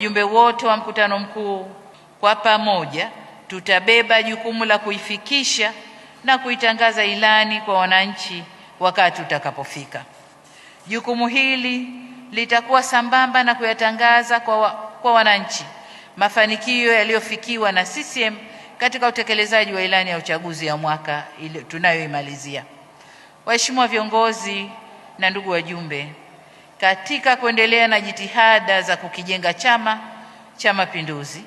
Wajumbe wote wa mkutano mkuu kwa pamoja tutabeba jukumu la kuifikisha na kuitangaza ilani kwa wananchi wakati utakapofika. Jukumu hili litakuwa sambamba na kuyatangaza kwa, wa, kwa wananchi mafanikio yaliyofikiwa na CCM katika utekelezaji wa ilani ya uchaguzi ya mwaka tunayoimalizia. Waheshimiwa viongozi na ndugu wajumbe katika kuendelea na jitihada za kukijenga Chama cha Mapinduzi,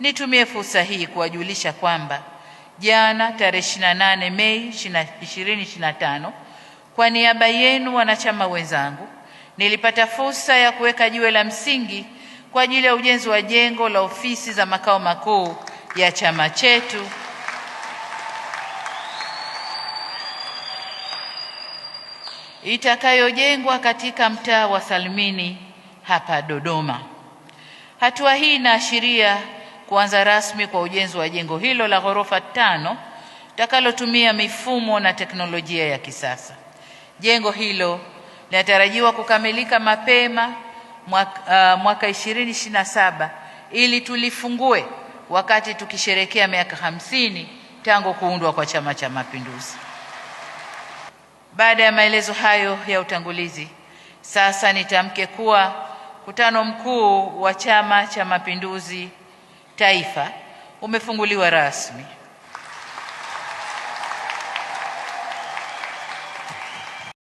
nitumie fursa hii kuwajulisha kwamba jana tarehe 28 Mei 2025 kwa niaba yenu wanachama wenzangu, nilipata fursa ya kuweka jiwe la msingi kwa ajili ya ujenzi wa jengo la ofisi za makao makuu ya chama chetu itakayojengwa katika mtaa wa Salimini hapa Dodoma. Hatua hii inaashiria kuanza rasmi kwa ujenzi wa jengo hilo la ghorofa tano takalotumia mifumo na teknolojia ya kisasa. Jengo hilo linatarajiwa kukamilika mapema mwaka, uh, mwaka 2027 ili tulifungue wakati tukisherekea miaka hamsini tangu kuundwa kwa Chama cha Mapinduzi. Baada ya maelezo hayo ya utangulizi, sasa nitamke kuwa mkutano mkuu wa Chama cha Mapinduzi Taifa umefunguliwa rasmi.